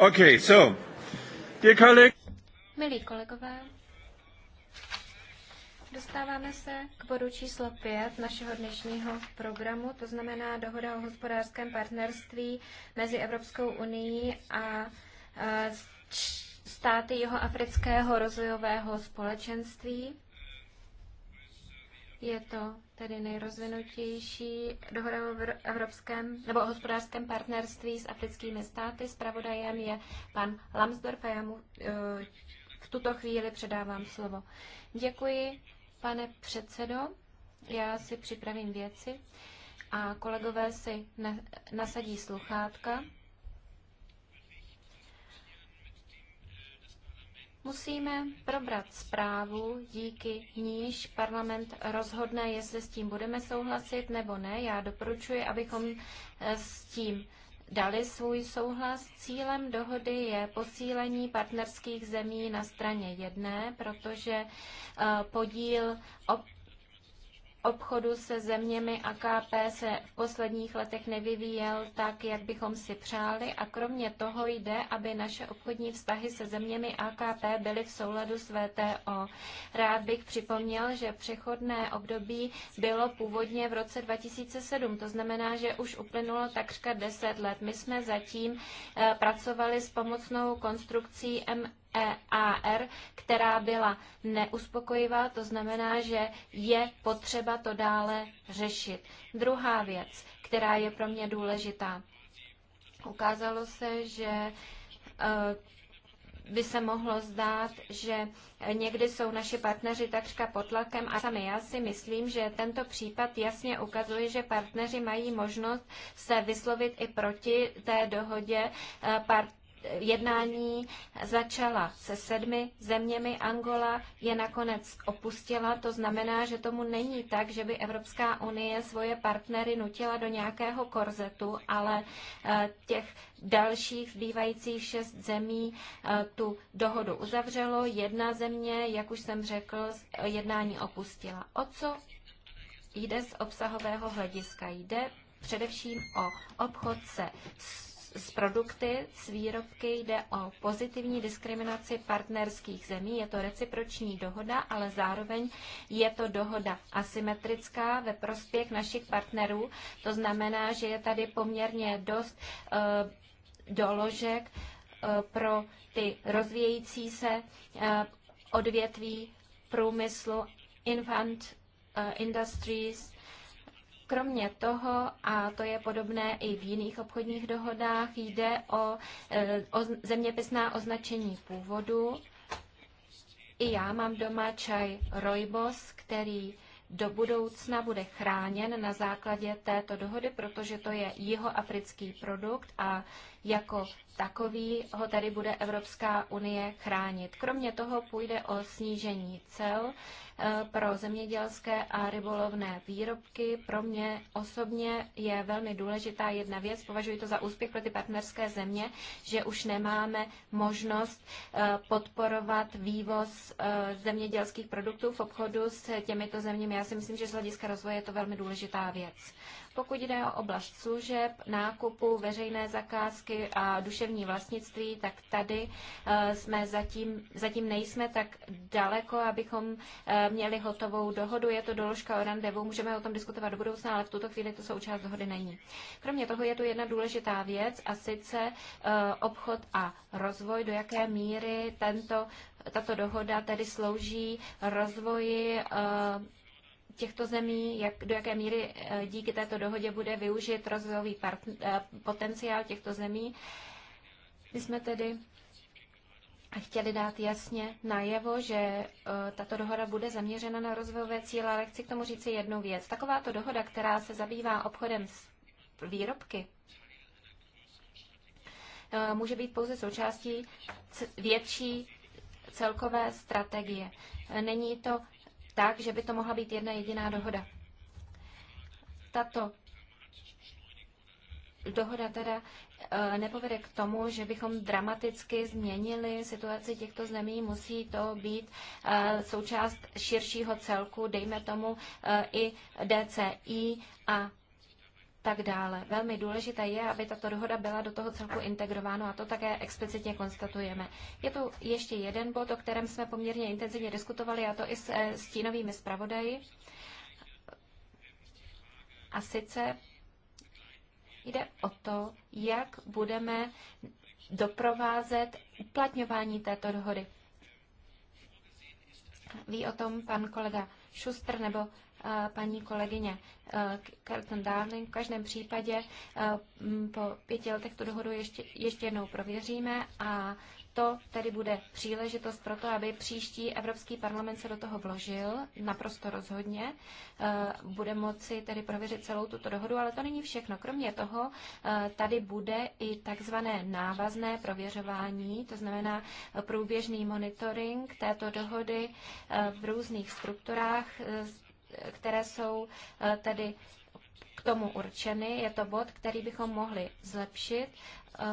Okay, so, dear colleague... Milí kolegové, dostáváme se k bodu číslo 5 našeho dnešního programu, to znamená dohoda o hospodářském partnerství mezi Evropskou unii a e, státy jeho afrického rozvojového společenství. Je to tedy nejrozvinutější dohoda o evropském nebo o hospodářském partnerství s africkými státy. Spravodajem je pan Lambsdorff a já mu eh, v tuto chvíli předávám slovo. Děkuji, pane předsedo. Já si připravím věci a kolegové si nasadí sluchátka. Musíme probrat zprávu, díky níž parlament rozhodne, jestli s tím budeme souhlasit nebo ne. Já doporučuji, abychom eh, s tím dali svůj souhlas. Cílem dohody je posílení partnerských zemí na straně jedné, protože eh, podíl op- obchodu se zeměmi AKP se v posledních letech nevyvíjel tak, jak bychom si přáli a kromě toho jde, aby naše obchodní vztahy se zeměmi AKP byly v souladu s VTO. Rád bych připomněl, že přechodné období bylo původně v roce 2007, to znamená, že už uplynulo takřka 10 let. My jsme zatím eh, pracovali s pomocnou konstrukcí M EAR, která byla neuspokojivá, to znamená, že je potřeba to dále řešit. Druhá věc, která je pro mě důležitá. Ukázalo se, že eh, by se mohlo zdát, že někdy jsou naši partneři takřka pod tlakem a sami já si myslím, že tento případ jasně ukazuje, že partneři mají možnost se vyslovit i proti té dohodě. Eh, part jednání začala se sedmi zeměmi. Angola je nakonec opustila, to znamená, že tomu není tak, že by Evropská unie svoje partnery nutila do nějakého korzetu, ale eh, těch dalších zbývajících šest zemí eh, tu dohodu uzavřelo. Jedna země, jak už jsem řekl, eh, jednání opustila. O co jde z obsahového hlediska? Jde především o obchod se s s produkty, s výrobky jde o pozitivní diskriminaci partnerských zemí. Je to reciproční dohoda, ale zároveň je to dohoda asymetrická ve prospěch našich partnerů. To znamená, že je tady poměrně dost uh, doložek uh, pro ty rozvíjející se uh, odvětví průmyslu, infant uh, industries, Kromě toho, a to je podobné i v jiných obchodních dohodách, jde o, e, o zeměpisná označení původu. I já mám doma čaj rojbos, který do budoucna bude chráněn na základě této dohody, protože to je jihoafrický produkt a jako takový ho tady bude Evropská unie chránit. Kromě toho půjde o snížení cel eh, pro zemědělské a rybolovné výrobky. Pro mě osobně je velmi důležitá jedna věc, považuji to za úspěch pro ty partnerské země, že už nemáme možnost eh, podporovat vývoz eh, zemědělských produktů v obchodu s těmito zeměmi. Já si myslím, že z hlediska rozvoje je to velmi důležitá věc. Pokud jde o oblast služeb, nákupu, veřejné zakázky a duševní vlastnictví, tak tady eh, jsme zatím, zatím nejsme tak daleko, abychom eh, měli hotovou dohodu. Je to doložka o randevu, můžeme o tom diskutovat do budoucna, ale v tuto chvíli to součást dohody není. Kromě toho je tu jedna důležitá věc a sice eh, obchod a rozvoj, do jaké míry tento tato dohoda tedy slouží rozvoji těchto zemí, jak, do jaké míry eh, díky této dohodě bude využit rozvojový eh, potenciál těchto zemí. My jsme tedy chtěli dát jasně najevo, že eh, tato dohoda bude zaměřena na rozvojové cíle, ale chci k tomu říci jednu věc. Takováto dohoda, která se zabývá obchodem s výrobky, může být pouze součástí větší celkové strategie. Není to tak, že by to mohla být jedna jediná dohoda. Tato dohoda teda eh, nepovede k tomu, že bychom dramaticky změnili situaci těchto zemí. Musí to být eh, součást širšího celku, dejme tomu eh, i DCI a tak dále. Velmi důležité je, aby tato dohoda byla do toho celku integrována a to také explicitně konstatujeme. Je tu ještě jeden bod, o kterém jsme poměrně intenzivně diskutovali, a to i s eh, stínovými zpravodaji. A sice jde o to, jak budeme doprovázet uplatňování této dohody. Ví o tom pan kolega Šustr nebo paní kolegyně Carlton Darling. V každém případě po pěti letech tu dohodu ještě, ještě jednou prověříme a to tedy bude příležitost pro to, aby příští Evropský parlament se do toho vložil naprosto rozhodně. Bude moci tedy prověřit celou tuto dohodu, ale to není všechno. Kromě toho tady bude i takzvané návazné prověřování, to znamená průběžný monitoring této dohody v různých strukturách které jsou eh, tedy k tomu určeny. Je to bod, který bychom mohli zlepšit. Eh,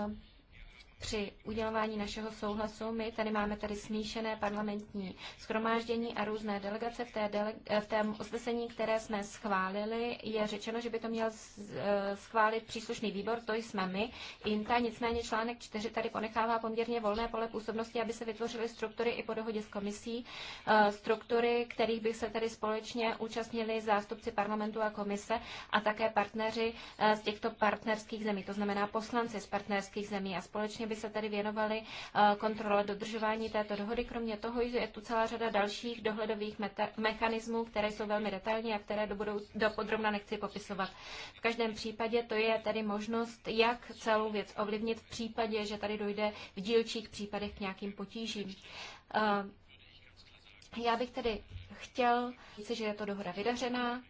při udělování našeho souhlasu. My tady máme tady smíšené parlamentní schromáždění a různé delegace. V, té dele, eh, v tém usnesení, které jsme schválili, je řečeno, že by to měl eh, schválit příslušný výbor, to jsme my, INTA. Nicméně článek 4 tady ponechává poměrně volné pole působnosti, aby se vytvořily struktury i po dohodě s komisí, eh, struktury, kterých by se tady společně účastnili zástupci parlamentu a komise a také partneři z těchto partnerských zemí, to znamená poslanci z partnerských zemí a společně by se tady věnovali eh, kontrole dodržování této dohody. Kromě toho je tu celá řada dalších dohledových mechanismů, které jsou velmi detailní a které do, budou, do podrobna nechci popisovat. V každém případě to je tedy možnost, jak celou věc ovlivnit v případě, že tady dojde v dílčích případech k nějakým potížím. Eh, já bych tedy chtěl říct, že je to dohoda vydařená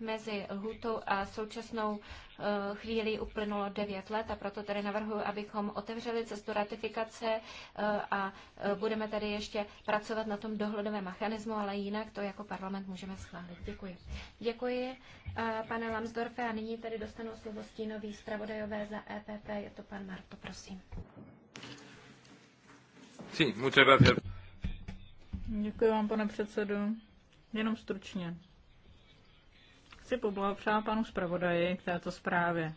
mezi lhutou a současnou Eh, chvíli uplynulo 9 let a proto tedy navrhuji, abychom otevřeli cestu ratifikace eh, a eh, budeme tady ještě pracovat na tom dohledovém mechanismu, ale jinak to jako parlament můžeme schválit. Děkuji. Děkuji, pane Lamsdorfe, a nyní tady dostanou slovo stínový zpravodajové za EPP, je to pan Marto, prosím. Děkuji vám, pane předsedo. Jenom stručně chci poblahopřát panu zpravodaji k této zprávě.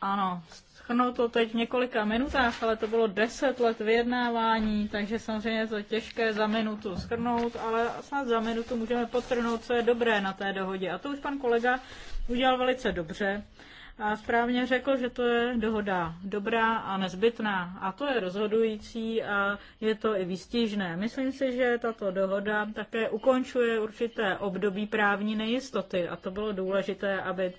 Ano, schrnout to teď v několika minutách, ale to bylo deset let vyjednávání, takže samozřejmě je to těžké za minutu schrnout, ale snad za minutu můžeme potrhnout, co je dobré na té dohodě. A to už pan kolega udělal velice dobře a správně řekl, že to je dohoda dobrá a nezbytná. A to je rozhodující a je to i výstižné. Myslím si, že tato dohoda také ukončuje určité období právní nejistoty. A to bylo důležité, aby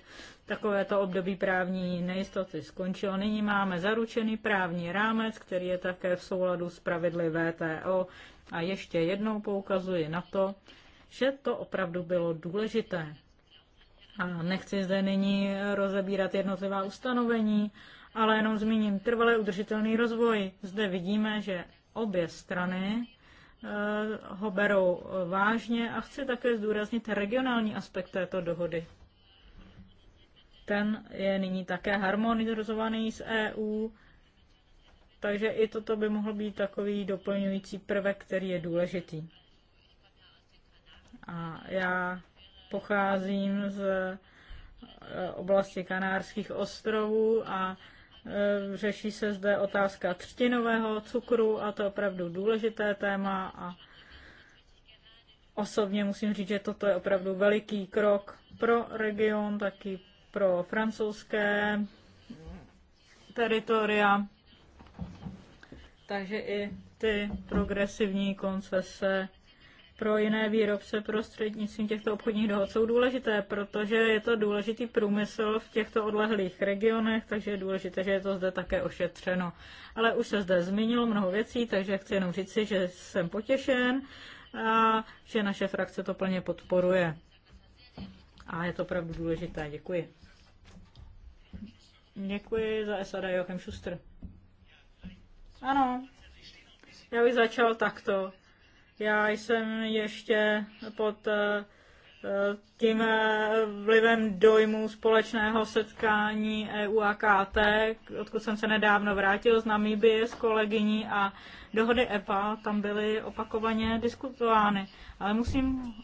takovéto období právní nejistoty skončilo. Nyní máme zaručený právní rámec, který je také v souladu s pravidly VTO. A ještě jednou poukazuji na to, že to opravdu bylo důležité. A nechci zde nyní rozebírat jednotlivá ustanovení, ale jenom zmíním trvalý udržitelný rozvoj. Zde vidíme, že obě strany eh, ho berou vážně a chci také zdůraznit regionální aspekt této dohody. Ten je nyní také harmonizovaný s EU, takže i toto by mohl být takový doplňující prvek, který je důležitý. A já pocházím z eh, oblasti Kanárských ostrovů a eh, řeší se zde otázka třtinového cukru a to je opravdu důležité téma a osobně musím říct, že toto je opravdu veliký krok pro region, taky pro francouzské teritoria. Takže i ty progresivní koncese pro jiné výrobce prostřednictvím těchto obchodních dohod jsou důležité, protože je to důležitý průmysl v těchto odlehlých regionech, takže je důležité, že je to zde také ošetřeno. Ale už se zde zmínilo mnoho věcí, takže chci jenom říci, že jsem potěšen a že naše frakce to plně podporuje. A je to opravdu důležité. Děkuji. Děkuji za SAD Joachim Schuster. Ano, já bych začal takto. Já jsem ještě pod eh, eh, tím eh, vlivem dojmu společného setkání EU a KT, odkud jsem se nedávno vrátil z Namíbie s kolegyní a dohody EPA tam byly opakovaně diskutovány. Ale musím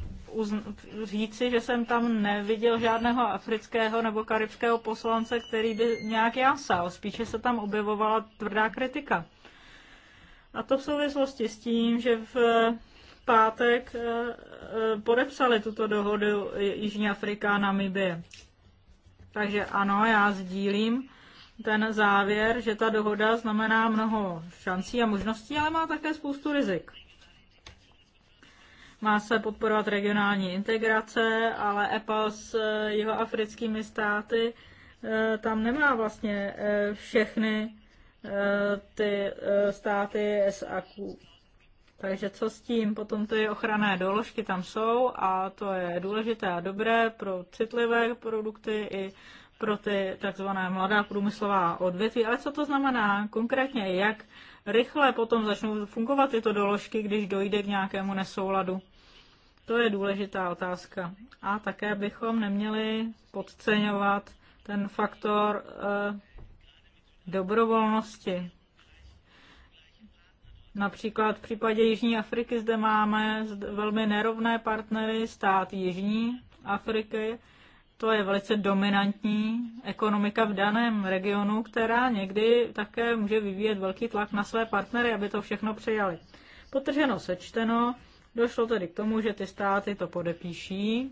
říci, že jsem tam neviděl žádného afrického nebo karibského poslance, který by nějak jásal. Spíše se tam objevovala tvrdá kritika. A to v souvislosti s tím, že v pátek eh, eh, podepsali tuto dohodu Jižní Afrika a Namibie. Takže ano, já sdílím ten závěr, že ta dohoda znamená mnoho šancí a možností, ale má také spoustu rizik. Má se podporovat regionální integrace, ale EPA s jeho africkými státy eh, tam nemá vlastně všechny ty eh, státy SAQ. Takže co s tím? Potom ty ochranné doložky tam jsou a to je důležité a dobré pro citlivé produkty i pro ty takzvané mladá průmyslová odvětví. Ale co to znamená konkrétně? Jak rychle potom začnou fungovat tyto doložky, když dojde k nějakému nesouladu? To je důležitá otázka. A také bychom neměli podceňovat ten faktor eh, dobrovolnosti. Například v případě Jižní Afriky zde máme velmi nerovné partnery, stát Jižní Afriky. To je velice dominantní ekonomika v daném regionu, která někdy také může vyvíjet velký tlak na své partnery, aby to všechno přijali. Potrženo sečteno, došlo tedy k tomu, že ty státy to podepíší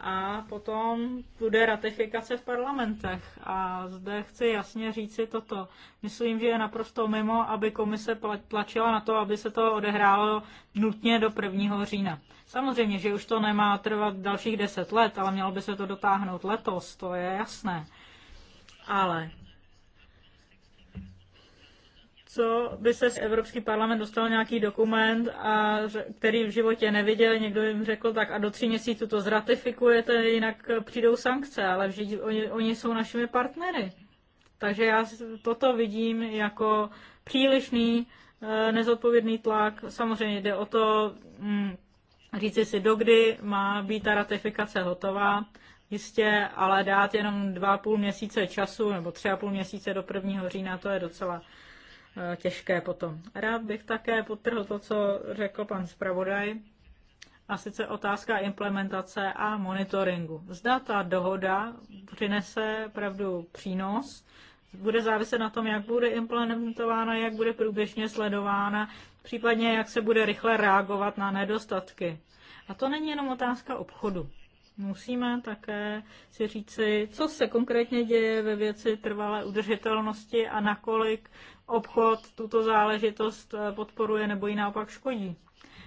a potom bude ratifikace v parlamentech. A zde chci jasně říci toto. Myslím, že je naprosto mimo, aby komise tlačila na to, aby se to odehrálo nutně do 1. října. Samozřejmě, že už to nemá trvat dalších 10 let, ale mělo by se to dotáhnout letos, to je jasné. Ale co by se z Evropský parlament dostal nějaký dokument, a, který v životě neviděl, někdo jim řekl, tak a do tří měsíců to zratifikujete, jinak přijdou sankce, ale vždy, oni, oni jsou našimi partnery. Takže já toto vidím jako přílišný eh, nezodpovědný tlak. Samozřejmě jde o to mm, říci si, dokdy má být ta ratifikace hotová, jistě, ale dát jenom dva půl měsíce času nebo tři a půl měsíce do prvního října, to je docela Eh, těžké potom. Rád bych také podtrhl to, co řekl pan zpravodaj, a sice otázka implementace a monitoringu. Zda ta dohoda přinese pravdu přínos, bude záviset na tom, jak bude implementována, jak bude průběžně sledována, případně jak se bude rychle reagovat na nedostatky. A to není jenom otázka obchodu. Musíme také si říci, co se konkrétně děje ve věci trvalé udržitelnosti a nakolik obchod tuto záležitost eh, podporuje nebo ji naopak škodí.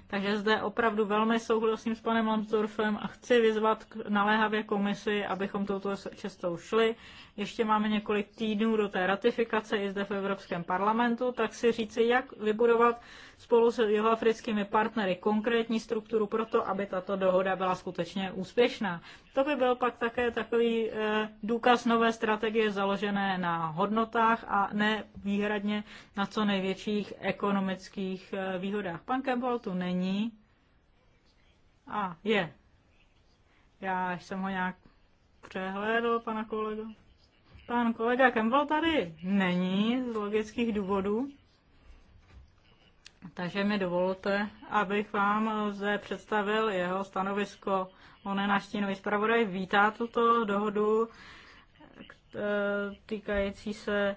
Takže zde opravdu velmi souhlasím s panem Lambsdorfem a chci vyzvat k naléhavě komisi, abychom touto cestou šli. Ještě máme několik týdnů do té ratifikace i zde v Evropském parlamentu, tak si říci, jak vybudovat spolu s jihoafrickými partnery konkrétní strukturu pro to, aby tato dohoda byla skutečně úspěšná. To by byl pak také takový eh, důkaz nové strategie založené na hodnotách a ne výhradně na co největších ekonomických eh, výhodách. Pan Campbell tu není. A je. Já jsem ho nějak přehlédl, pana kolego. Pan kolega Campbell tady není z logických důvodů. Takže mi dovolte, abych vám zde představil jeho stanovisko. On je náš stínový zpravodaj, vítá tuto dohodu e, týkající se e,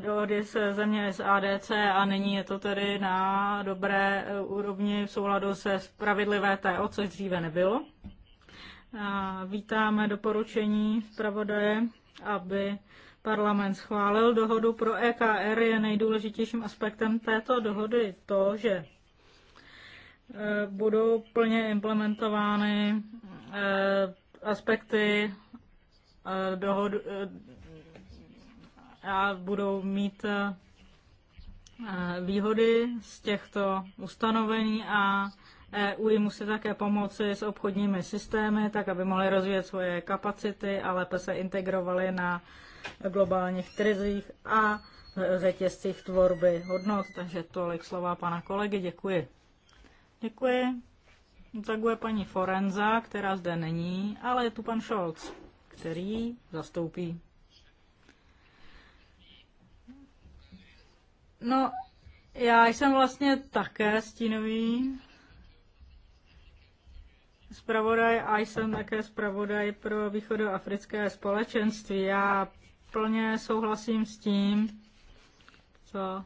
dohody se země SADC a nyní je to tedy na dobré e, úrovni v souladu se pravidly VTO, což dříve nebylo. A vítáme doporučení zpravodaje, aby Parlament schválil dohodu pro EKR, je nejdůležitějším aspektem této dohody to, že e, budou plně implementovány e, aspekty e, dohodu a budou mít výhody z těchto ustanovení a EU jim musí také pomoci s obchodními systémy, tak aby mohly rozvíjet svoje kapacity a lépe se integrovaly na globálních krizích a e, řetězcích tvorby hodnot. Takže tolik slova pana kolegy, děkuji. Děkuji. Zaguje paní Forenza, která zde není, ale je tu pan Scholz, který zastoupí. No, já jsem vlastně také stínový zpravodaj a jsem také zpravodaj pro východoafrické společenství. Já plně souhlasím s tím, co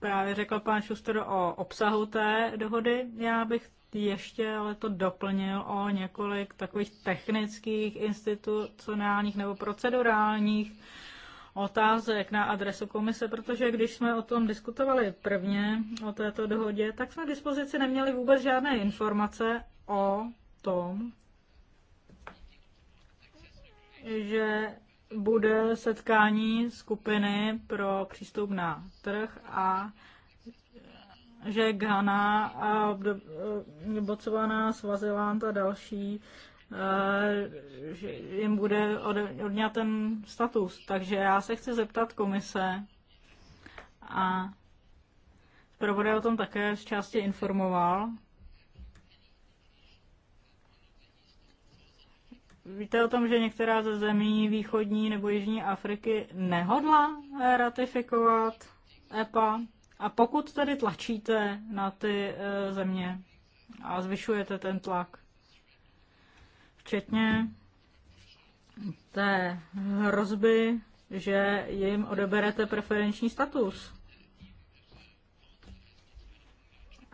právě řekl pan Šuster o obsahu té dohody. Já bych ještě ale to doplnil o několik takových technických, institucionálních nebo procedurálních otázek na adresu komise, protože když jsme o tom diskutovali prvně, o této dohodě, tak jsme k dispozici neměli vůbec žádné informace o tom, že bude setkání skupiny pro přístup na trh a že Ghana a eh, Botswana, Swaziland a další eh, že jim bude odňat ten status. Takže já se chci zeptat komise a zpravodaj o tom také z části informoval, Víte o tom, že některá ze zemí východní nebo jižní Afriky nehodla eh, ratifikovat EPA? A pokud tedy tlačíte na ty eh, země a zvyšujete ten tlak, včetně té hrozby, že jim odeberete preferenční status,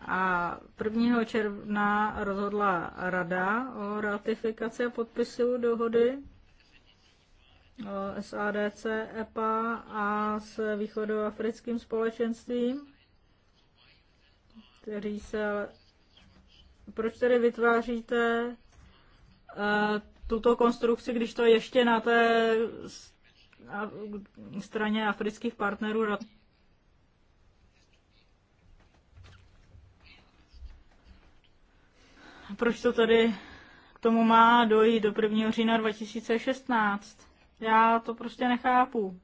A 1. června rozhodla Rada o ratifikaci a podpisu dohody SADC, EPA a s východoafrickým společenstvím, který se ale... Proč tedy vytváříte uh, tuto konstrukci, když to ještě na té straně afrických partnerů proč to tady k tomu má dojít do 1. října 2016? Já to prostě nechápu.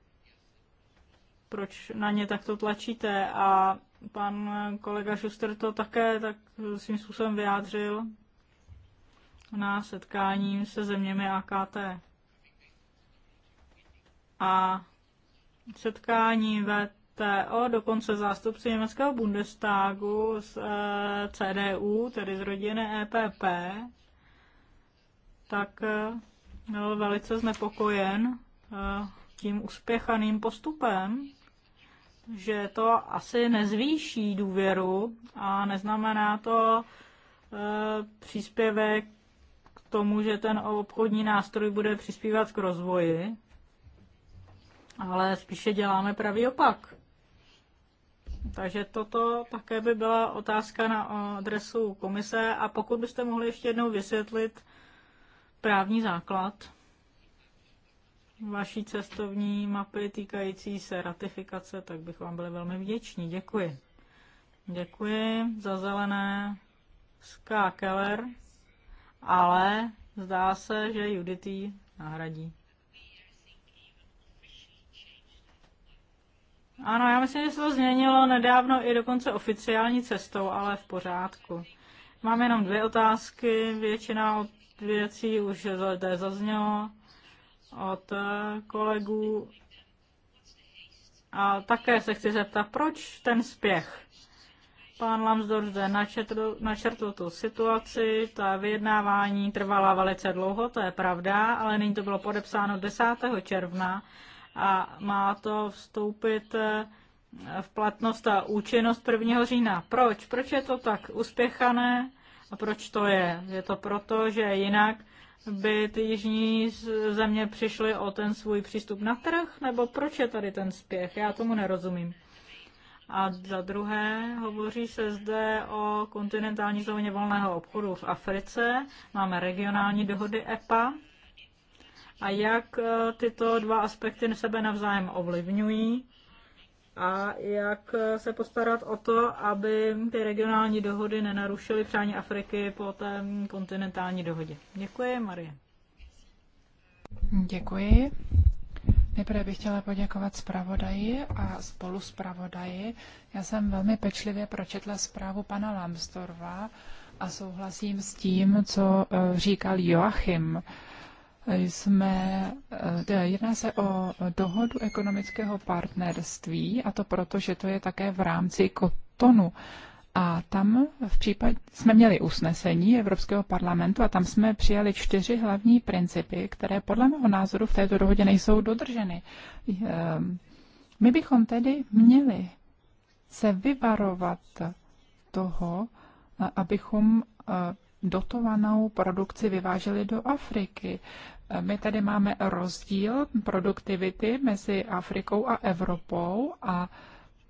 Proč na ně takto tlačíte? A pan kolega Šuster to také tak svým způsobem vyjádřil na setkání se zeměmi AKT. A setkání TO, dokonce zástupci německého Bundestagu z eh, CDU, tedy z rodiny EPP, tak eh, byl velice znepokojen eh, tím uspěchaným postupem, že to asi nezvýší důvěru a neznamená to příspěvek k tomu, že ten obchodní nástroj bude přispívat k rozvoji, ale spíše děláme pravý opak. Takže toto také by byla otázka na adresu komise a pokud byste mohli ještě jednou vysvětlit právní základ vaší cestovní mapy týkající se ratifikace, tak bych vám byli velmi vděční. Děkuji. Děkuji za zelené Ská Keller, ale zdá se, že Judity nahradí. Ano, já myslím, že se to změnilo nedávno i dokonce oficiální cestou, ale v pořádku. Mám jenom dvě otázky, většina od věcí už zde zaznělo od eh, kolegů. A také se chci zeptat, proč ten spěch? Pan Lamsdor zde načetl, načrtl tu situaci, ta vyjednávání trvala velice dlouho, to je pravda, ale nyní to bylo podepsáno 10. června a má to vstoupit eh, v platnost a účinnost 1. října. Proč? Proč je to tak uspěchané a proč to je? Je to proto, že jinak by ty jižní země přišly o ten svůj přístup na trh, nebo proč je tady ten spěch? Já tomu nerozumím. A za druhé, hovoří se zde o kontinentální zóně volného obchodu v Africe. Máme regionální dohody EPA, a jak eh, tyto dva aspekty sebe navzájem ovlivňují a jak eh, se postarat o to, aby ty regionální dohody nenarušily přání Afriky po té kontinentální dohodě. Děkuji, Marie. Děkuji. Nejprve bych chtěla poděkovat zpravodaji a spolu zpravodaji. Já jsem velmi pečlivě pročetla zprávu pana Lambstorva a souhlasím s tím, co eh, říkal Joachim jsme, eh, eh, jedná se o dohodu ekonomického partnerství a to proto, že to je také v rámci kotonu. A tam v případě, jsme měli usnesení Evropského parlamentu a tam jsme přijali čtyři hlavní principy, které podle mého názoru v této dohodě nejsou dodrženy. Eh, my bychom tedy měli se vyvarovat toho, abychom dotovanou produkci vyváželi do Afriky. My tady máme rozdíl produktivity mezi Afrikou a Evropou a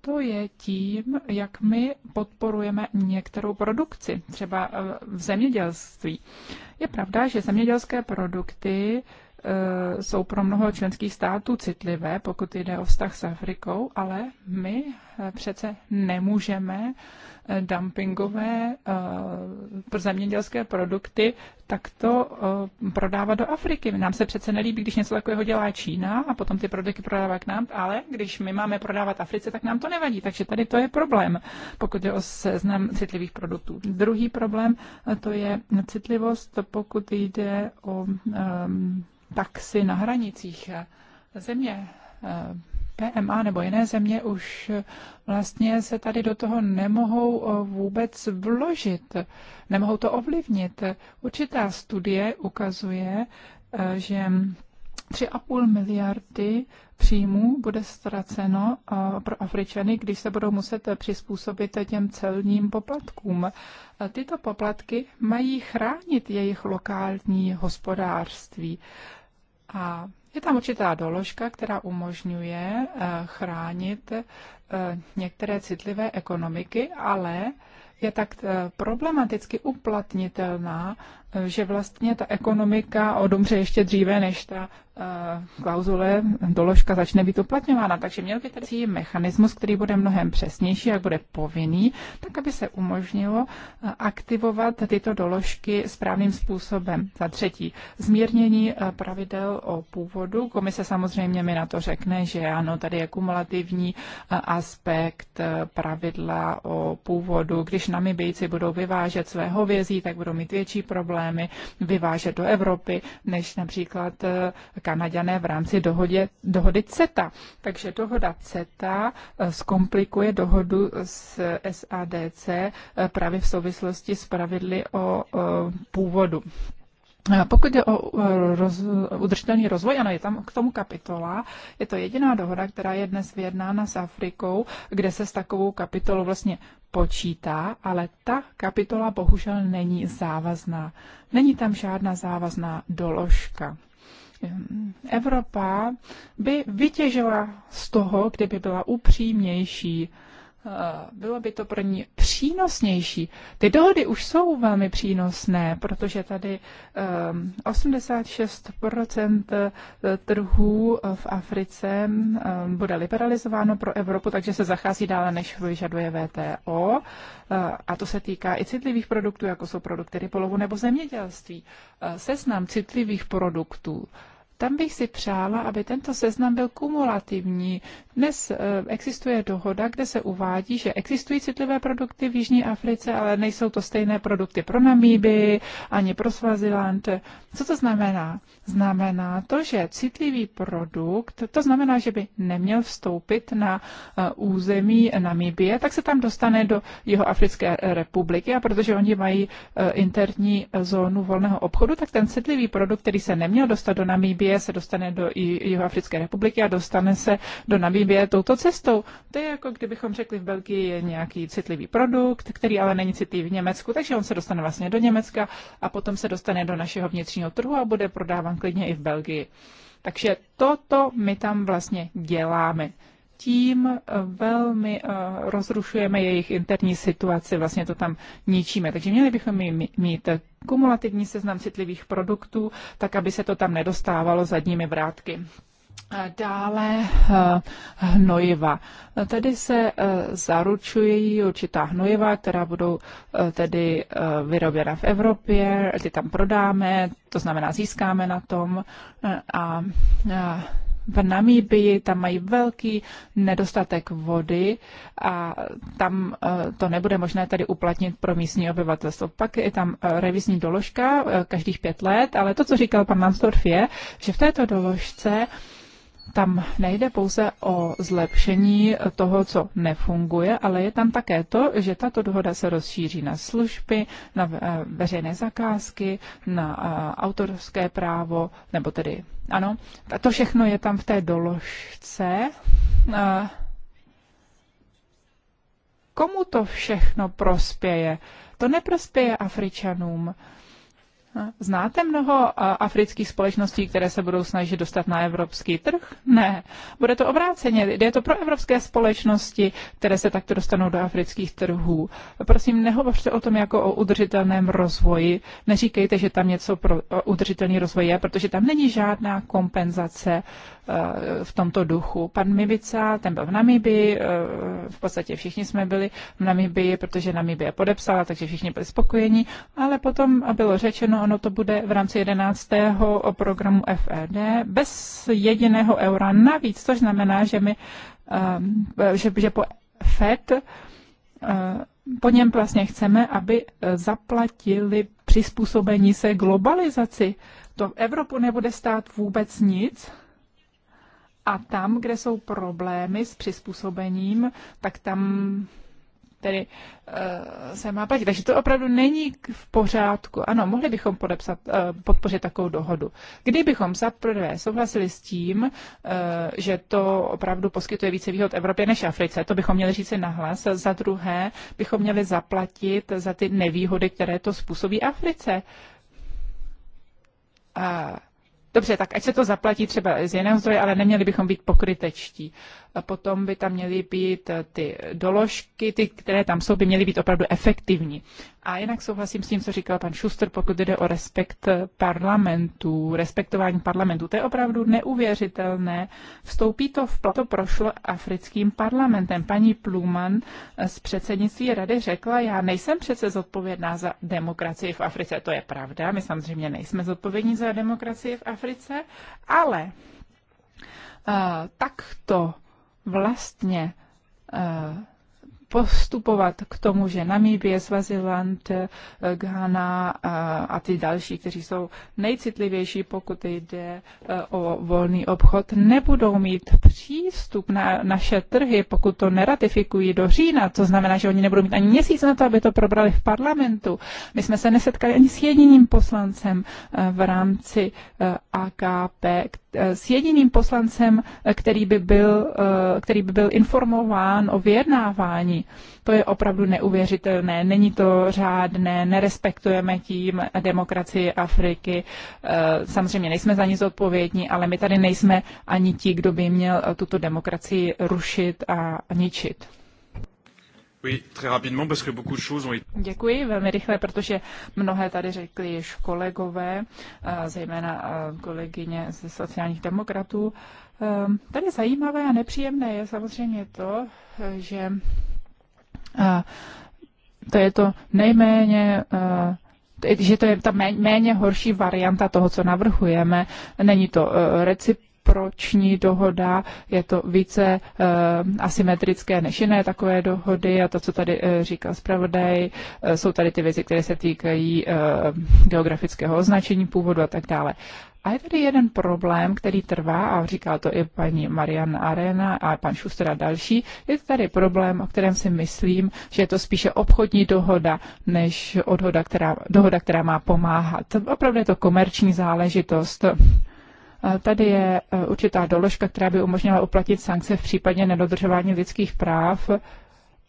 to je tím, jak my podporujeme některou produkci, třeba eh, v zemědělství. Je pravda, že zemědělské produkty Eh, jsou pro mnoho členských států citlivé, pokud jde o vztah s Afrikou, ale my eh, přece nemůžeme eh, dumpingové zemědělské produkty takto prodávat do Afriky. Nám se přece nelíbí, když něco takového dělá Čína a potom ty produkty prodává k nám, ale když my máme prodávat Africe, tak nám to nevadí. Takže tady to je problém, pokud je o seznam citlivých produktů. Druhý problém to je citlivost, pokud jde o um, tak si na hranicích. Země eh, PMA nebo jiné země už eh, vlastně se tady do toho nemohou eh, vůbec vložit, nemohou to ovlivnit. Určitá studie ukazuje, že 3,5 miliardy příjmů bude ztraceno pro Afričany, když se budou muset přizpůsobit těm celním poplatkům. Tyto poplatky mají chránit jejich lokální hospodářství. A je tam určitá doložka, která umožňuje eh, chránit eh, některé citlivé ekonomiky, ale je tak eh, problematicky uplatnitelná že vlastně ta ekonomika odumře ještě dříve, než ta uh, klauzule, doložka začne být uplatňována. Takže měl by tady mechanismus, který bude mnohem přesnější, jak bude povinný, tak aby se umožnilo eh, aktivovat tyto doložky správným způsobem. Za třetí, zmírnění eh, pravidel o původu. Komise samozřejmě mi na to řekne, že ano, tady je kumulativní aspekt pravidla o původu. Když namibijci budou vyvážet své hovězí, tak budou mít větší problém problémy vyvážet do Evropy, než například eh, Kanaďané v rámci dohodě, dohody CETA. Takže dohoda CETA eh, zkomplikuje dohodu s SADC eh, právě v souvislosti s pravidly o původu. Pokud je o e, roz, udržitelný rozvoj, ano, je tam k tomu kapitola. Je to jediná dohoda, která je dnes vyjednána s Afrikou, kde se s takovou kapitolou vlastně počítá, ale ta kapitola bohužel není závazná. Není tam žádná závazná doložka. Evropa by vytěžila z toho, kdyby byla upřímnější Eh, bylo by to pro ní přínosnější. Ty dohody už jsou velmi přínosné, protože tady 86% eh, eh, trhů v Africe bude liberalizováno pro Evropu, takže se zachází dále, než vyžaduje VTO. A to se týká i citlivých produktů, jako jsou produkty rybolovu nebo zemědělství. Seznam citlivých produktů tam bych si přála, aby tento seznam byl kumulativní. Dnes eh, existuje dohoda, kde se uvádí, že existují citlivé produkty v Jižní Africe, ale nejsou to stejné produkty pro Namíby ani pro Svaziland. Co to znamená? Znamená to, že citlivý produkt, to znamená, že by neměl vstoupit na eh, území Namíbie, tak se tam dostane do jeho Africké eh, republiky a protože oni mají interní zónu volného obchodu, tak ten citlivý produkt, který se neměl dostat do Namíbie, Libie se dostane do Jihoafrické republiky a dostane se do Namíbie touto cestou. To je jako kdybychom řekli v Belgii je nějaký citlivý produkt, který ale není citlivý v Německu, takže on se dostane vlastně do Německa a potom se dostane do našeho vnitřního trhu a bude prodáván klidně i v Belgii. Takže toto my tam vlastně děláme tím eh, velmi eh, rozrušujeme jejich interní situaci, vlastně to tam ničíme. Takže měli bychom mít kumulativní seznam citlivých produktů, tak aby se to tam nedostávalo zadními vrátky. Dále eh, hnojiva. Tady se zaručují určitá hnojiva, která budou tedy vyroběna v Evropě, ty tam prodáme, to znamená získáme na tom a v Namíbii, tam mají velký nedostatek vody a tam eh, to nebude možné tady uplatnit pro místní obyvatelstvo. Pak je tam eh, revizní doložka eh, každých pět let, ale to, co říkal pan Mansdorf, je, že v této doložce tam nejde pouze o zlepšení toho, co nefunguje, ale je tam také to, že tato dohoda se rozšíří na služby, na eh, veřejné zakázky, na eh, autorské právo, nebo tedy, ano, to všechno je tam v té doložce. Eh, komu to všechno prospěje? To neprospěje Afričanům. Znáte mnoho afrických společností, které se budou snažit dostat na evropský trh? Ne. Bude to obráceně. Je to pro evropské společnosti, které se takto dostanou do afrických trhů. Prosím, nehovořte o tom jako o udržitelném rozvoji. Neříkejte, že tam něco pro udržitelný rozvoj je, protože tam není žádná kompenzace Eh, v tomto duchu. Pan Mivica, ten byl v Namibii, eh, v podstatě všichni jsme byli v Namibii, protože Namibie podepsala, takže všichni byli spokojeni, ale potom bylo řečeno, ono to bude v rámci 11. programu FED bez jediného eura navíc, což znamená, že my, eh, že, že po FED po něm vlastně chceme, aby zaplatili přizpůsobení se globalizaci. To v Evropu nebude stát vůbec nic, a tam, kde jsou problémy s přizpůsobením, tak tam tedy uh, se má platit. Takže to opravdu není v pořádku. Ano, mohli bychom podepsat, uh, podpořit takovou dohodu. Kdybychom za prvé souhlasili s tím, uh, že to opravdu poskytuje více výhod Evropě než Africe, to bychom měli říci nahlas. Za druhé bychom měli zaplatit za ty nevýhody, které to způsobí Africe. A Dobře, tak ať se to zaplatí třeba z jiného zdroje, ale neměli bychom být pokrytečtí a potom by tam měly být eh, ty doložky, ty, které tam jsou, by měly být opravdu efektivní. A jinak souhlasím s tím, co říkal pan Schuster, pokud jde o respekt eh, parlamentů, respektování parlamentů. To je opravdu neuvěřitelné. Vstoupí to v plato prošlo africkým parlamentem. Paní Pluman eh, z předsednictví rady řekla, já nejsem přece zodpovědná za demokracii v Africe. To je pravda, my samozřejmě nejsme zodpovědní za demokracii v Africe, ale takto vlastně eh, postupovat k tomu, že Namíbie, Svaziland, eh, Ghana eh, a ty další, kteří jsou nejcitlivější, pokud jde eh, o volný obchod, nebudou mít přístup na naše trhy, pokud to neratifikují do října. To znamená, že oni nebudou mít ani měsíc na to, aby to probrali v parlamentu. My jsme se nesetkali ani s jediným poslancem v rámci AKP, s jediným poslancem, který by byl, který by byl informován o vyjednávání to je opravdu neuvěřitelné, není to řádné, nerespektujeme tím demokracii Afriky. Eh, samozřejmě nejsme za ní zodpovědní, ale my tady nejsme ani ti, kdo by měl tuto demokracii rušit a ničit. Děkuji velmi rychle, protože mnohé tady řekli již kolegové, eh, zejména eh, kolegyně ze sociálních demokratů. Tady zajímavé a nepříjemné je samozřejmě to, že to je to nejméně e, že to je ta méně horší varianta toho, co navrhujeme. Není to e, recip, reciproční dohoda, je to více eh, asymetrické než jiné takové dohody a to, co tady eh, říkal zpravodaj, eh, jsou tady ty věci, které se týkají geografického označení původu a tak dále. A je tady jeden problém, který trvá, a říká to i paní Marian Arena a pan Šuster a další, je tady problém, o kterém si myslím, že je to spíše obchodní dohoda, než odhoda, která, dohoda, která má pomáhat. Opravdu je to komerční záležitost. Tady je e, určitá doložka, která by umožnila uplatit sankce v případě nedodržování lidských práv.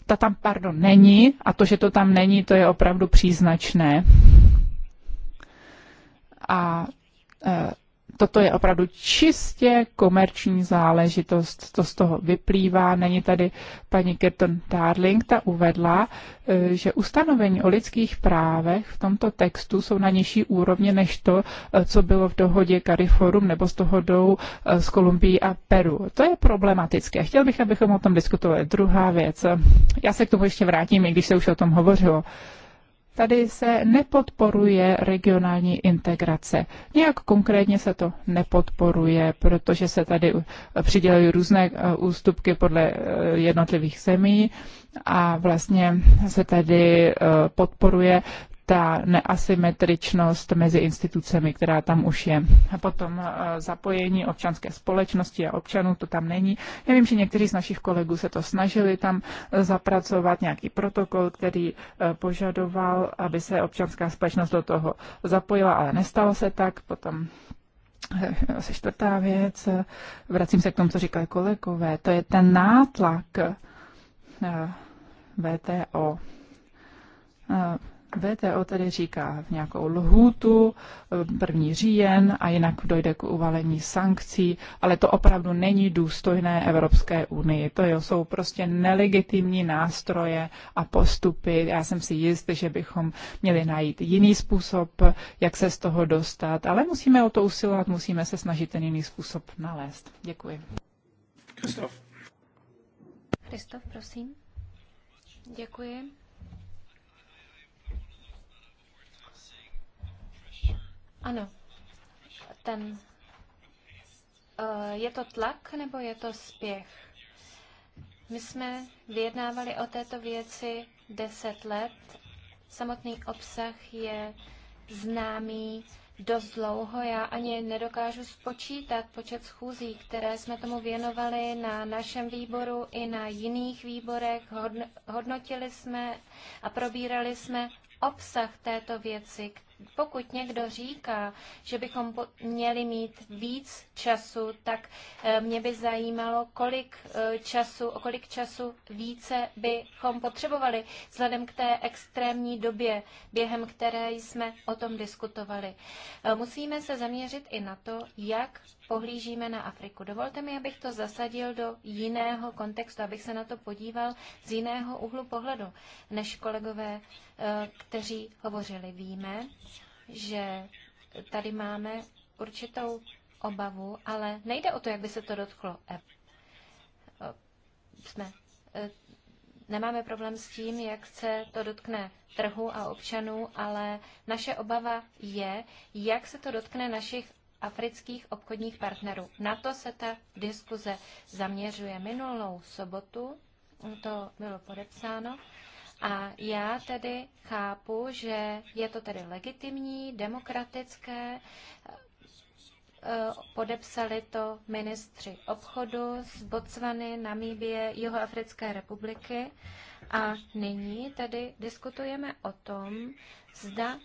Ta tam, pardon, není a to, že to tam není, to je opravdu příznačné. A e, toto je opravdu čistě komerční záležitost, to z toho vyplývá. Není tady paní Kirton Darling, ta uvedla, e, že ustanovení o lidských právech v tomto textu jsou na nižší úrovni než to, e, co bylo v dohodě Cariforum nebo s dohodou e, s Kolumbií a Peru. To je problematické. Chtěl bych, abychom o tom diskutovali. Druhá věc. Já se k tomu ještě vrátím, i když se už o tom hovořilo tady se nepodporuje regionální integrace. Nějak konkrétně se to nepodporuje, protože se tady přidělují různé eh, ústupky podle eh, jednotlivých zemí a vlastně se tady eh, podporuje ta neasymetričnost mezi institucemi, která tam už je. A potom eh, zapojení občanské společnosti a občanů, to tam není. Já vím, že někteří z našich kolegů se to snažili tam eh, zapracovat, nějaký protokol, který eh, požadoval, aby se občanská společnost do toho zapojila, ale nestalo se tak. Potom asi čtvrtá věc, vracím se k tomu, co říkali kolegové, to je ten nátlak VTO. VTO tedy říká v nějakou lhůtu, eh, první říjen a jinak dojde k uvalení sankcí, ale to opravdu není důstojné Evropské unii. To jsou prostě nelegitimní nástroje a postupy. Já jsem si jist, že bychom měli najít jiný způsob, jak se z toho dostat, ale musíme o to usilovat, musíme se snažit ten jiný způsob nalézt. Děkuji. Kristof. Kristof, prosím. Děkuji. Ano, ten. Eh, je to tlak nebo je to spěch? My jsme vyjednávali o této věci deset let. Samotný obsah je známý dost dlouho. Já ani nedokážu spočítat počet schůzí, které jsme tomu věnovali na našem výboru i na jiných výborech. Hodnotili jsme a probírali jsme obsah této věci, pokud někdo říká, že bychom měli mít víc času, tak eh, mě by zajímalo, kolik eh, času, o kolik času více bychom potřebovali, vzhledem k té extrémní době, během které jsme o tom diskutovali. Eh, musíme se zaměřit i na to, jak pohlížíme na Afriku. Dovolte mi, abych to zasadil do jiného kontextu, abych se na to podíval z jiného úhlu pohledu, než kolegové, eh, kteří hovořili. Víme, že tady máme určitou obavu, ale nejde o to, jak by se to dotklo. E eh, jsme eh, nemáme problém s tím, jak se to dotkne trhu a občanů, ale naše obava je, jak se to dotkne našich afrických obchodních partnerů. Na to se ta diskuze zaměřuje. Minulou sobotu to bylo podepsáno a já tedy chápu, že je to tedy legitimní, demokratické, eh, podepsali to ministři obchodu z Botswany, Namíbie, Jihoafrické republiky. A nyní tedy diskutujeme o tom, zda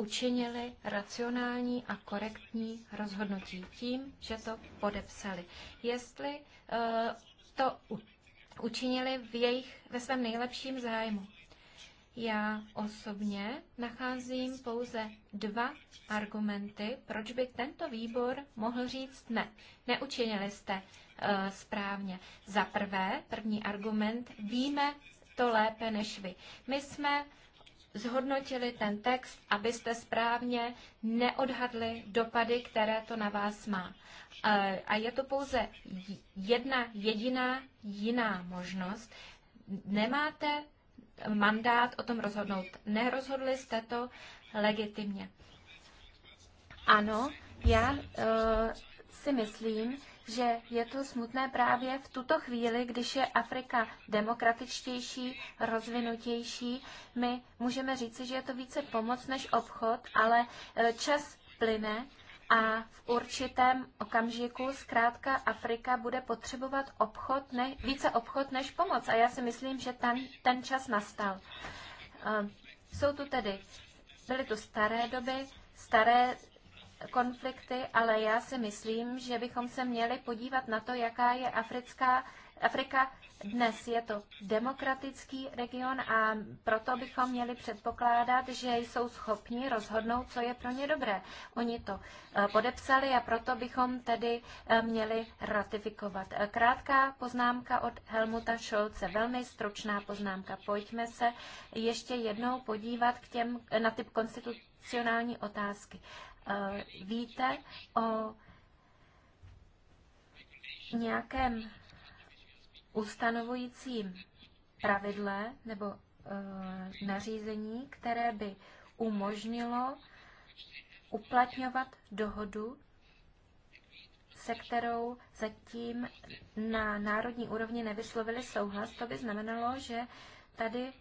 učinili racionální a korektní rozhodnutí tím, že to podepsali. Jestli eh, to učinili v jejich, ve svém nejlepším zájmu. Já osobně nacházím pouze dva argumenty, proč by tento výbor mohl říct ne. Neučinili jste uh, správně. Za prvé, první argument, víme to lépe než vy. My jsme zhodnotili ten text, abyste správně neodhadli dopady, které to na vás má. E, a je to pouze jedna jediná jiná možnost. Nemáte mandát o tom rozhodnout. Nerozhodli jste to legitimně. Ano, já uh, si myslím, že je to smutné právě v tuto chvíli, když je Afrika demokratičtější, rozvinutější. My můžeme říci, že je to více pomoc než obchod, ale e, čas plyne a v určitém okamžiku zkrátka Afrika bude potřebovat obchod ne, více obchod než pomoc. A já si myslím, že ten, ten čas nastal. E, jsou tu tedy, byly tu staré doby, staré konflikty, ale já si myslím, že bychom se měli podívat na to, jaká je africká, Afrika dnes. Je to demokratický region a proto bychom měli předpokládat, že jsou schopni rozhodnout, co je pro ně dobré. Oni to eh, podepsali a proto bychom tedy eh, měli ratifikovat. Eh, krátká poznámka od Helmuta Scholze, velmi stručná poznámka. Pojďme se ještě jednou podívat k těm, na typ konstitucionální otázky. Eh, víte o nějakém ustanovujícím pravidle nebo eh, nařízení, které by umožnilo uplatňovat dohodu, se kterou zatím na národní úrovni nevyslovili souhlas, to by znamenalo, že tady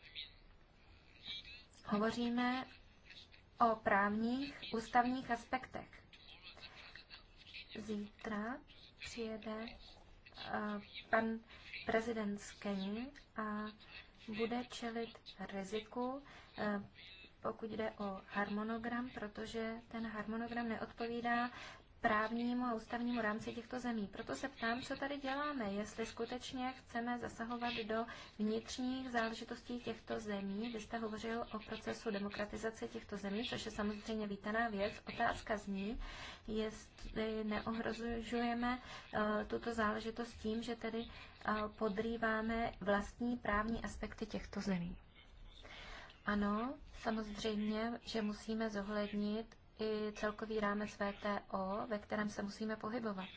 hovoříme o právních ústavních aspektech. Zítra přijede eh, pan prezident Skeni a bude čelit riziku, eh, pokud jde o harmonogram, protože ten harmonogram neodpovídá právnímu a ústavnímu rámci těchto zemí. Proto se ptám, co tady děláme, jestli skutečně chceme zasahovat do vnitřních záležitostí těchto zemí. Vy jste hovořil o procesu demokratizace těchto zemí, což je samozřejmě vítaná věc. Otázka zní, jestli neohrožujeme eh, tuto záležitost tím, že tedy eh, podrýváme vlastní právní aspekty těchto zemí. Ano, samozřejmě, že musíme zohlednit i celkový rámec VTO, ve kterém se musíme pohybovat,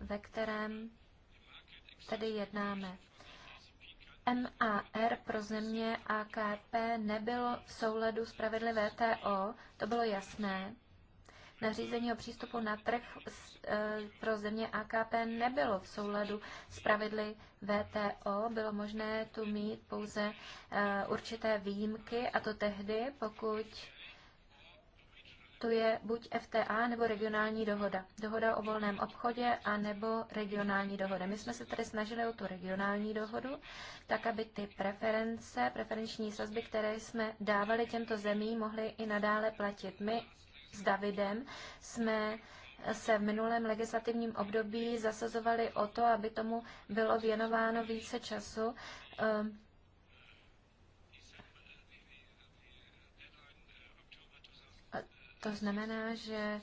ve kterém tedy jednáme. MAR pro země AKP nebylo v souladu s pravidly VTO, to bylo jasné. Nařízení o přístupu na trh e, pro země AKP nebylo v souladu s pravidly VTO. Bylo možné tu mít pouze e, určité výjimky, a to tehdy, pokud to je buď FTA nebo regionální dohoda. Dohoda o volném obchodě a nebo regionální dohoda. My jsme se tady snažili o tu regionální dohodu, tak aby ty preference, preferenční sazby, které jsme dávali těmto zemím, mohly i nadále platit. My s Davidem jsme se v minulém legislativním období zasazovali o to, aby tomu bylo věnováno více času. Um, To znamená, že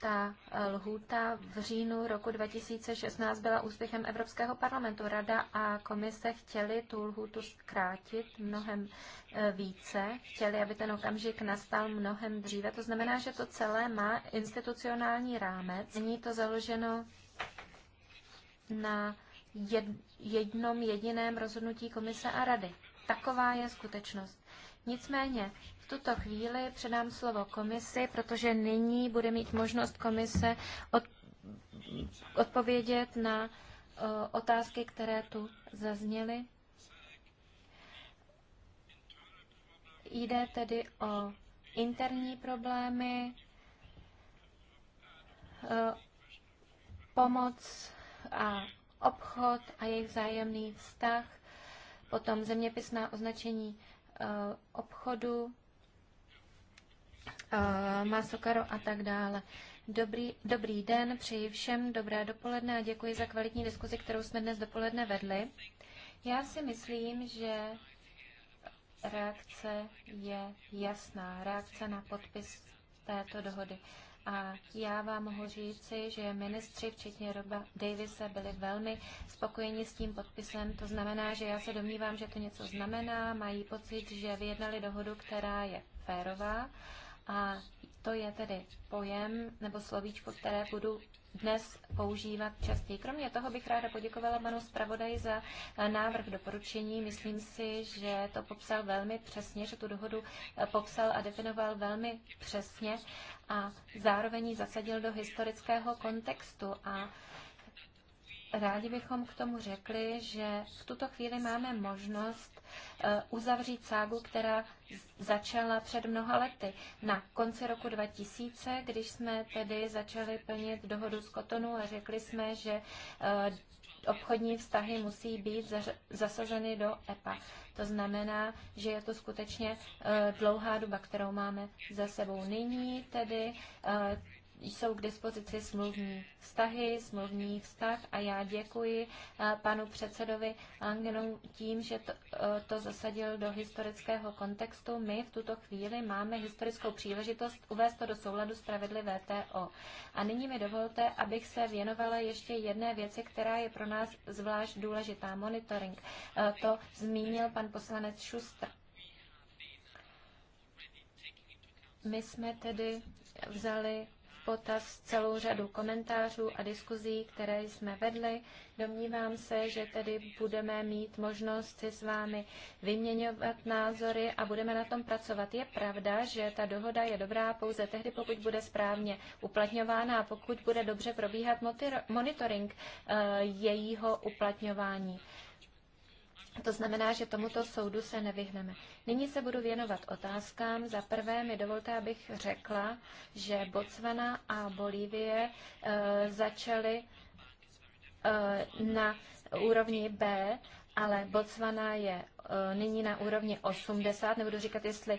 ta eh, lhůta v říjnu roku 2016 byla úspěchem Evropského parlamentu. Rada a komise chtěli tu lhůtu zkrátit mnohem eh, více, chtěli, aby ten okamžik nastal mnohem dříve. To znamená, že to celé má institucionální rámec. Není to založeno na jednom jediném rozhodnutí komise a rady. Taková je skutečnost. Nicméně tuto chvíli předám slovo komisi, protože nyní bude mít možnost komise od, odpovědět na e, otázky, které tu zazněly. Jde tedy o interní problémy, e, pomoc a obchod a jejich vzájemný vztah, potom zeměpisná označení e, obchodu, Eh, Masokaro a tak dále. Dobrý, dobrý den, přeji všem dobré dopoledne a děkuji za kvalitní diskuzi, kterou jsme dnes dopoledne vedli. Já si myslím, že reakce je jasná, reakce na podpis této dohody. A já vám mohu říci, že ministři, včetně Roba Davise, byli velmi spokojeni s tím podpisem. To znamená, že já se domnívám, že to něco znamená, mají pocit, že vyjednali dohodu, která je férová a to je tedy pojem nebo slovíčko, které budu dnes používat častěji. Kromě toho bych ráda poděkovala panu zpravodaji za eh, návrh doporučení. Myslím si, že to popsal velmi přesně, že tu dohodu eh, popsal a definoval velmi přesně a zároveň ji zasadil do historického kontextu a Rádi bychom k tomu řekli, že v tuto chvíli máme možnost Eh, uzavřít ságu, která začala před mnoha lety. Na konci roku 2000, když jsme tedy začali plnit dohodu z Kotonu a řekli jsme, že eh, obchodní vztahy musí být zasazeny do EPA. To znamená, že je to skutečně eh, dlouhá doba, kterou máme za sebou. Nyní tedy jsou k dispozici smluvní vztahy, smluvní vztah a já děkuji eh, panu předsedovi Langenu tím, že to, eh, to zasadil do historického kontextu. My v tuto chvíli máme historickou příležitost uvést to do souladu s pravidly VTO. A nyní mi dovolte, abych se věnovala ještě jedné věci, která je pro nás zvlášť důležitá. Monitoring. Eh, to zmínil pan poslanec Šustr. My jsme tedy vzali potaz celou řadu komentářů a diskuzí, které jsme vedli. Domnívám se, že tedy budeme mít možnost si s vámi vyměňovat názory a budeme na tom pracovat. Je pravda, že ta dohoda je dobrá pouze tehdy, pokud bude správně uplatňována a pokud bude dobře probíhat monitoring eh, jejího uplatňování. To znamená, že tomuto soudu se nevyhneme. Nyní se budu věnovat otázkám. Za prvé mi dovolte, abych řekla, že Botswana a Bolívie eh, začaly eh, na úrovni B, ale Botswana je eh, nyní na úrovni 80, nebudu říkat, jestli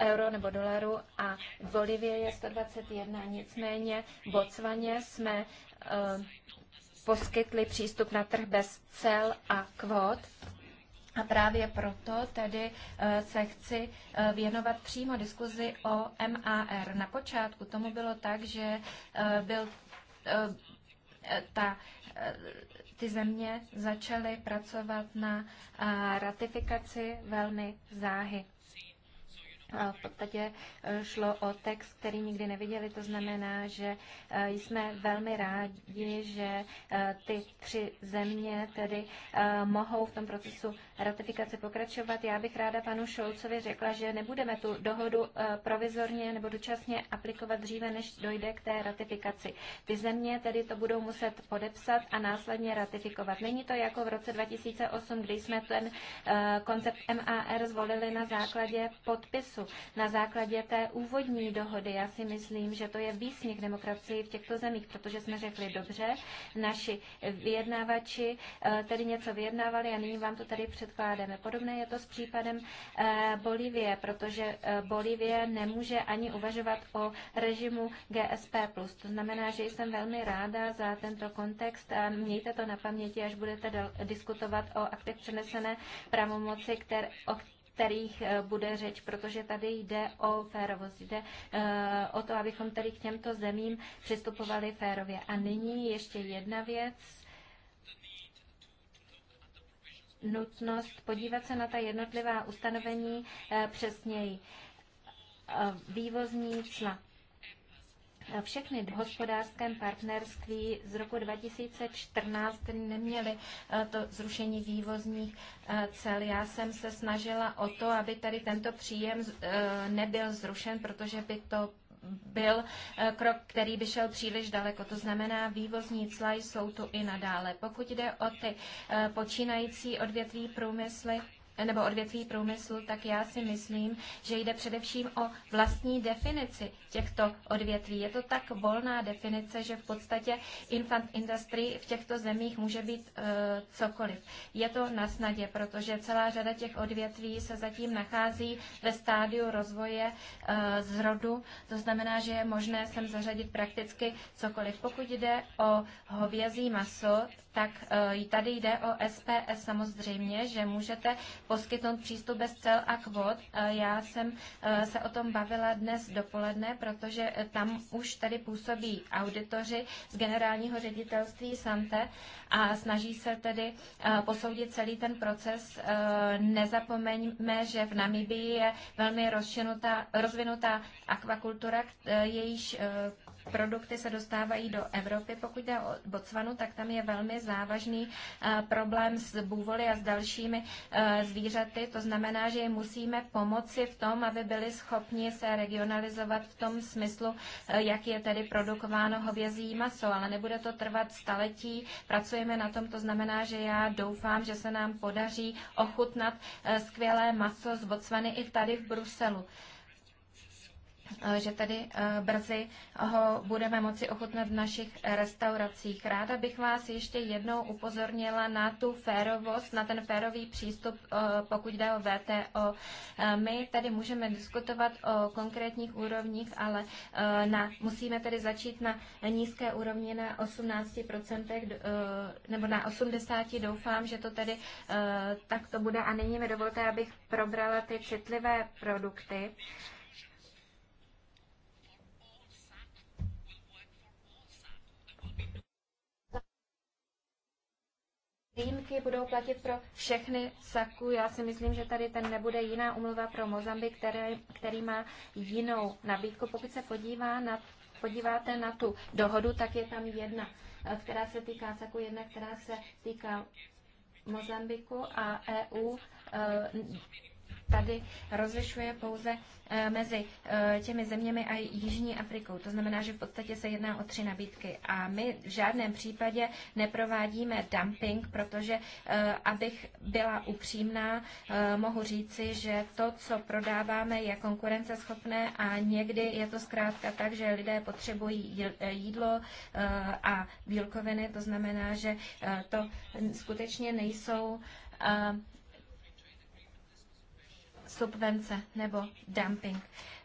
euro nebo dolaru, a Bolívie je 121. Nicméně Botswaně jsme poskytli přístup na trh bez cel a kvót. A právě proto tedy eh, se chci eh, věnovat přímo diskuzi o MAR. Na počátku tomu bylo tak, že eh, byl ta, ty země začaly pracovat na ratifikaci velmi záhy. V podstatě e, šlo o text, který nikdy neviděli, to znamená, že e, jsme velmi rádi, že e, ty tři země tedy mohou v tom procesu ratifikace pokračovat. Já bych ráda panu Šolcovi řekla, že nebudeme tu dohodu provizorně nebo dočasně aplikovat dříve, než dojde k té ratifikaci. Ty země tedy to budou muset podepsat a následně ratifikovat. Není to jako v roce 2008, kdy jsme ten koncept MAR zvolili na základě podpisu času. Na základě té úvodní dohody já si myslím, že to je výsměch demokracii v těchto zemích, protože jsme řekli dobře, naši vyjednávači eh, tedy něco vyjednávali a nyní vám to tady předkládáme. Podobné je to s případem eh, Bolívie, protože eh, Bolívie nemůže ani uvažovat o režimu GSP+. To znamená, že jsem velmi ráda za tento kontext a mějte to na paměti, až budete diskutovat o aktech přenesené pravomoci, které, o kterých eh, bude řeč, protože tady jde o férovost, jde eh, o to, abychom tady k těmto zemím přistupovali férově. A nyní ještě jedna věc, nutnost podívat se na ta jednotlivá ustanovení eh, přesněji. Vývozní cla všechny v hospodářském partnerství z roku 2014 neměly eh, to zrušení vývozních eh, cel. Já jsem se snažila o to, aby tady tento příjem eh, nebyl zrušen, protože by to byl krok, který by šel příliš daleko. To znamená, vývozní cla jsou tu i nadále. Pokud jde o ty počínající odvětví průmysly, nebo odvětví průmyslu, tak já si myslím, že jde především o vlastní definici těchto odvětví. Je to tak volná definice, že v podstatě infant industry v těchto zemích může být e, cokoliv. Je to na snadě, protože celá řada těch odvětví se zatím nachází ve stádiu rozvoje e, zrodu. To znamená, že je možné sem zařadit prakticky cokoliv. Pokud jde o hovězí maso, tak eh, tady jde o SPS samozřejmě, že můžete poskytnout přístup bez cel a kvot. Eh, já jsem eh, se o tom bavila dnes dopoledne, protože tam už tady působí auditoři z generálního ředitelství Sante a snaží se tedy posoudit celý ten proces. Nezapomeňme, že v Namibii je velmi rozvinutá akvakultura, jejíž produkty se dostávají do Evropy. Pokud jde o Botswanu, tak tam je velmi závažný eh, problém s bůvoly a s dalšími eh, zvířaty. To znamená, že jim musíme pomoci v tom, aby byli schopni se regionalizovat v tom smyslu, eh, jak je tedy produkováno hovězí maso, ale nebude to trvat staletí. Pracujeme na tom, to znamená, že já doufám, že se nám podaří ochutnat skvělé maso z Botswany i tady v Bruselu. Eh, že tady eh, brzy ho budeme moci ochutnat v našich restauracích. Ráda bych vás ještě jednou upozornila na tu férovost, na ten férový přístup, eh, pokud jde o VTO. My tady můžeme diskutovat o konkrétních úrovních, ale na, musíme tedy začít na nízké úrovni na 18%, nebo na 80%. Doufám, že to tedy tak to bude. A nyní mi dovolte, abych probrala ty citlivé produkty. výjimky budou platit pro všechny saku. Já si myslím, že tady ten nebude jiná umluva pro Mozambik, který, který má jinou nabídku. Pokud se podívá na, podíváte na tu dohodu, tak je tam jedna, eh, která se týká saku, jedna, která se týká Mozambiku a EU eh, tady rozlišuje pouze eh, mezi eh, těmi zeměmi a Jižní Afrikou. To znamená, že v podstatě se jedná o tři nabídky. A my v žádném případě neprovádíme dumping, protože, eh, abych byla upřímná, mohu říci, že to, co prodáváme, je konkurenceschopné a někdy je to zkrátka tak, že lidé potřebují jídlo a bílkoviny. To znamená, že to skutečně nejsou subvence nebo dumping.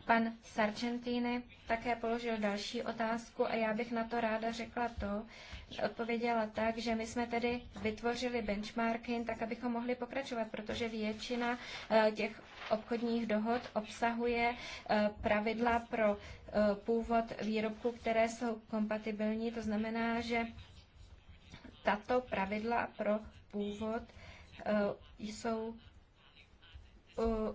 Pan Sargentini také položil další otázku a já bych na to ráda řekla to, odpověděla tak, že my jsme tedy vytvořili benchmarking, tak abychom mohli pokračovat, protože většina eh, těch obchodních dohod obsahuje eh, pravidla pro eh, původ výrobků, které jsou kompatibilní. To znamená, že tato pravidla pro původ jsou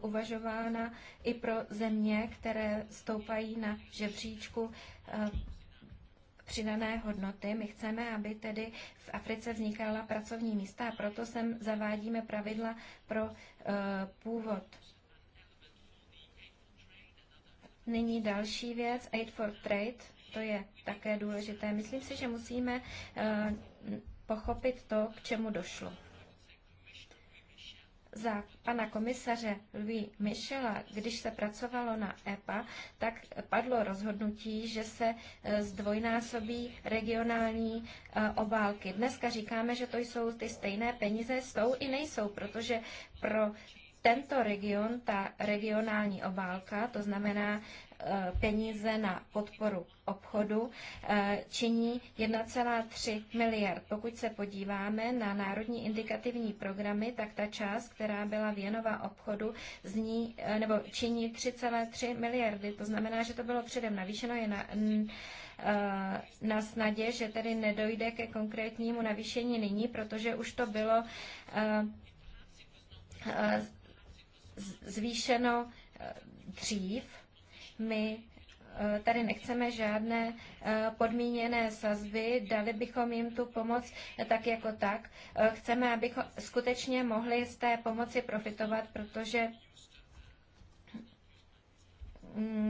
uvažována i pro země, které stoupají na žebříčku eh, přidané hodnoty. My chceme, aby tedy v Africe vznikala pracovní místa a proto sem zavádíme pravidla pro eh, původ. Nyní další věc, Aid for Trade, to je také důležité. Myslím si, že musíme eh, pochopit to, k čemu došlo za pana komisaře Louis Michela, když se pracovalo na EPA, tak padlo rozhodnutí, že se e, zdvojnásobí regionální e, obálky. Dneska říkáme, že to jsou ty stejné peníze, jsou i nejsou, protože pro tento region, ta regionální obálka, to znamená Eh, peníze na podporu obchodu eh, činí 1,3 miliard. Pokud se podíváme na národní indikativní programy, tak ta část, která byla věnová obchodu, zní, eh, nebo činí 3,3 miliardy. To znamená, že to bylo předem navýšeno, je na, na snadě, že tedy nedojde ke konkrétnímu navýšení nyní, protože už to bylo zvýšeno dřív. My eh, tady nechceme žádné eh, podmíněné sazby, dali bychom jim tu pomoc eh, tak jako tak. Chceme, aby skutečně mohli z té pomoci profitovat, protože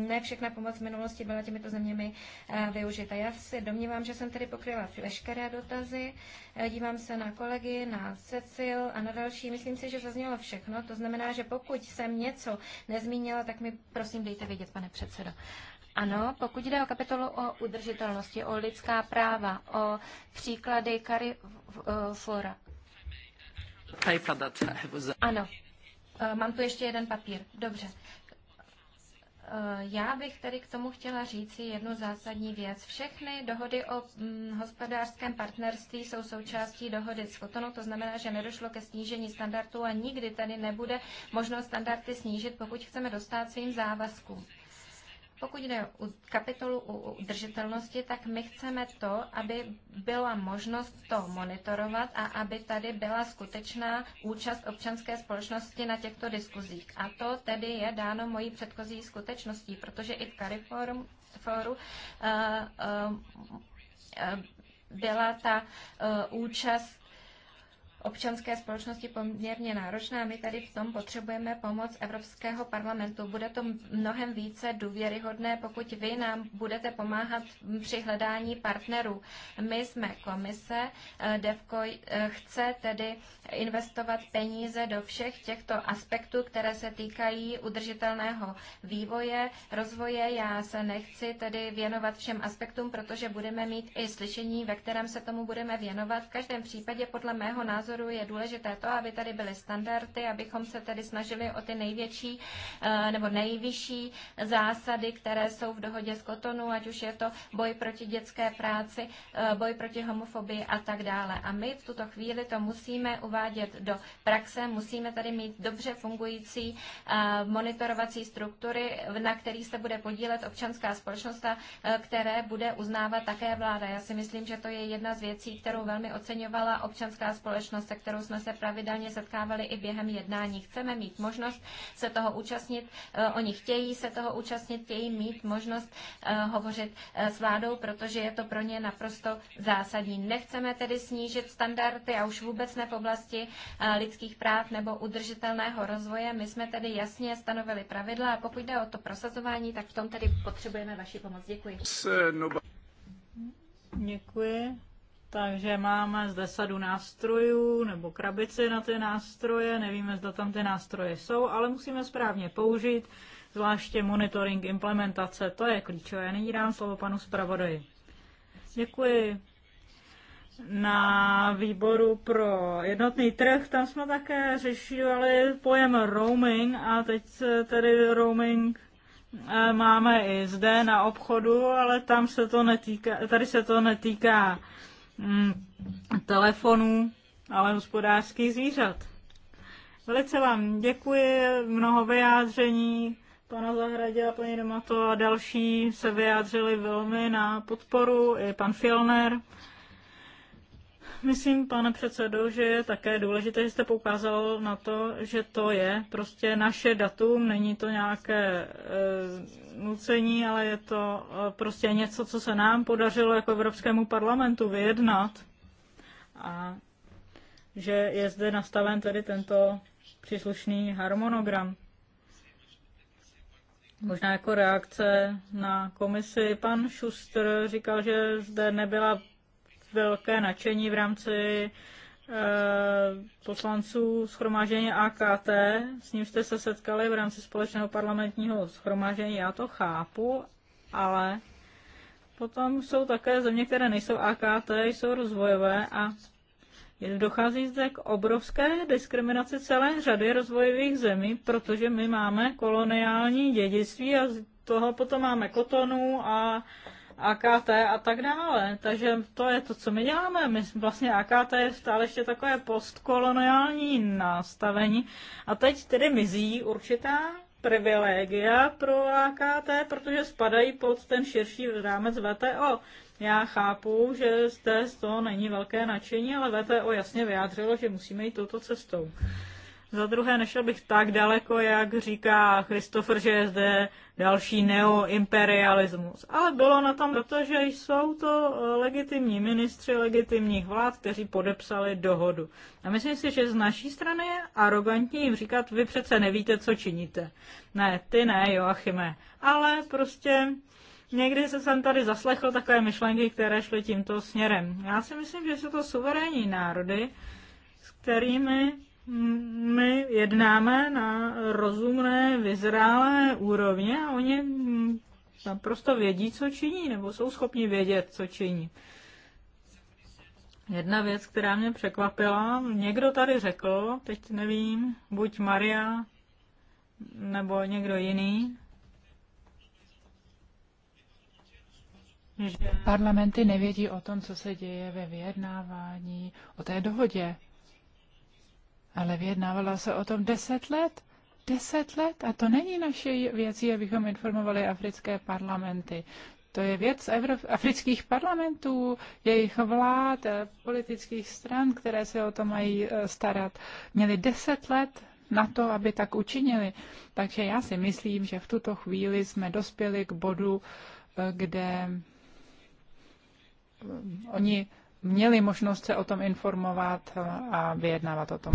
ne všechna pomoc v minulosti byla těmito zeměmi eh, využita. Já si domnívám, že jsem tedy pokryla veškeré dotazy. Eh, dívám se na kolegy, na Cecil a na další. Myslím si, že zaznělo všechno. To znamená, že pokud jsem něco nezmínila, tak mi prosím dejte vědět, pane předsedo. Ano, pokud jde o kapitolu o udržitelnosti, o lidská práva, o příklady Kary eh, Flora. Ano, mám tu ještě jeden papír. Dobře. Eh, já bych tady k tomu chtěla říci jednu zásadní věc. Všechny dohody o mm, hospodářském partnerství jsou součástí dohody s Kotonou, to znamená, že nedošlo ke snížení standardů a nikdy tady nebude možnost standardy snížit, pokud chceme dostat svým závazkům. Pokud jde o kapitolu o udržitelnosti, tak my chceme to, aby byla možnost to monitorovat a aby tady byla skutečná účast občanské společnosti na těchto diskuzích. A to tedy je dáno mojí předchozí skutečností, protože i v Cariforu uh, eh, uh, eh, uh, eh, byla ta účast občanské společnosti poměrně náročná. My tady v tom potřebujeme pomoc Evropského parlamentu. Bude to mnohem více důvěryhodné, pokud vy nám budete pomáhat při hledání partnerů. My jsme komise, eh, DEVKO eh, chce tedy investovat peníze do všech těchto aspektů, které se týkají udržitelného vývoje, rozvoje. Já se nechci tedy věnovat všem aspektům, protože budeme mít i slyšení, ve kterém se tomu budeme věnovat. V každém případě podle mého názoru názoru je důležité to, aby tady byly standardy, abychom se tedy snažili o ty největší eh, nebo nejvyšší zásady, které jsou v dohodě s Kotonu, ať už je to boj proti dětské práci, eh, boj proti homofobii a tak dále. A my v tuto chvíli to musíme uvádět do praxe, musíme tady mít dobře fungující eh, monitorovací struktury, na kterých se bude podílet občanská společnost které bude uznávat také vláda. Já si myslím, že to je jedna z věcí, kterou velmi oceňovala občanská společnost společnost, se kterou jsme se pravidelně setkávali i během jednání. Chceme mít možnost se toho účastnit, eh, oni chtějí se toho účastnit, chtějí mít možnost eh, hovořit eh, s vládou, protože je to pro ně naprosto zásadní. Nechceme tedy snížit standardy a už vůbec ne v oblasti lidských práv nebo udržitelného rozvoje. My jsme tedy jasně stanovili pravidla a pokud jde o to prosazování, tak v tom tedy potřebujeme vaši pomoc. Děkuji. Děkuji. Takže máme zde sadu nástrojů nebo krabice na ty nástroje, nevíme, zda tam ty nástroje jsou, ale musíme správně použít, zvláště monitoring implementace, to je klíčové. Nyní dám slovo panu zpravodaji. Děkuji. Na výboru pro jednotný trh, tam jsme také řešili pojem roaming a teď tedy roaming eh, máme i zde na obchodu, ale tam se to netýká, tady se to netýká Mm, telefonů, ale hospodářských zvířat. Velice vám děkuji, mnoho vyjádření pana Zahradě a paní Domato a další se vyjádřili velmi na podporu, i pan Filner myslím, pane předsedo, že je také důležité, že jste poukázal na to, že to je prostě naše datum, není to nějaké e, nucení, ale je to e, prostě něco, co se nám podařilo jako Evropskému parlamentu vyjednat. A že je zde nastaven tedy tento příslušný harmonogram. Možná jako reakce na komisi. Pan Schuster říkal, že zde nebyla velké nadšení v rámci eh, poslanců schromáždění AKT, s ním jste se setkali v rámci společného parlamentního schromáždění, já to chápu, ale potom jsou také země, které nejsou AKT, jsou rozvojové a dochází zde k obrovské diskriminaci celé řady rozvojových zemí, protože my máme koloniální dědictví a z toho potom máme kotonu a AKT a tak dále. Takže to je to, co my děláme. My vlastně AKT je stále ještě takové postkoloniální nastavení a teď tedy mizí určitá privilegia pro AKT, protože spadají pod ten širší rámec VTO. Já chápu, že zde z toho není velké nadšení, ale VTO jasně vyjádřilo, že musíme jít touto cestou. Za druhé, nešel bych tak daleko, jak říká Christopher, že je zde další neoimperialismus. Ale bylo na tom, protože jsou to eh, legitimní ministři legitimních vlád, kteří podepsali dohodu. A myslím si, že z naší strany je arrogantní jim říkat, vy přece nevíte, co činíte. Ne, ty ne, Joachime. Ale prostě někdy se jsem tady zaslechl takové myšlenky, které šly tímto směrem. Já si myslím, že jsou to suverénní národy, s kterými my jednáme na rozumné, vyzrálé úrovně a oni naprosto vědí, co činí, nebo jsou schopni vědět, co činí. Jedna věc, která mě překvapila, někdo tady řekl, teď nevím, buď Maria nebo někdo jiný, že parlamenty nevědí o tom, co se děje ve vyjednávání o té dohodě ale vyjednávala se o tom deset let. Deset let a to není naše věcí, abychom informovali africké parlamenty. To je věc Evrop- afrických parlamentů, jejich vlád, eh, politických stran, které se o to mají eh, starat. Měli deset let na to, aby tak učinili. Takže já si myslím, že v tuto chvíli jsme dospěli k bodu, eh, kde oni měli možnost se o tom informovat eh, a vyjednávat o tom.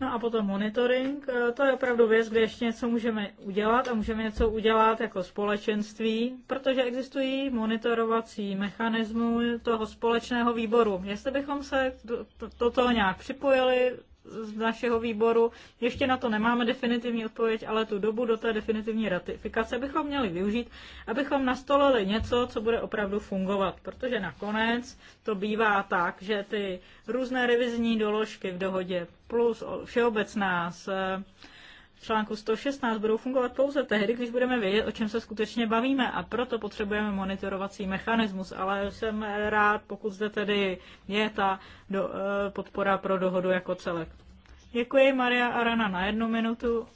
No a potom monitoring, eh, to je opravdu věc, kde ještě něco můžeme udělat a můžeme něco udělat jako společenství, protože existují monitorovací mechanismy toho společného výboru. Jestli bychom se toto nějak připojili, z našeho výboru. Ještě na to nemáme definitivní odpověď, ale tu dobu do té definitivní ratifikace bychom měli využít, abychom nastolili něco, co bude opravdu fungovat. Protože nakonec to bývá tak, že ty různé revizní doložky v dohodě plus všeobecná s v článku 116 budou fungovat pouze tehdy, když budeme vědět, o čem se skutečně bavíme a proto potřebujeme monitorovací mechanismus, ale jsem rád, pokud zde tedy je ta do, eh, podpora pro dohodu jako celek. Děkuji Maria Arana na jednu minutu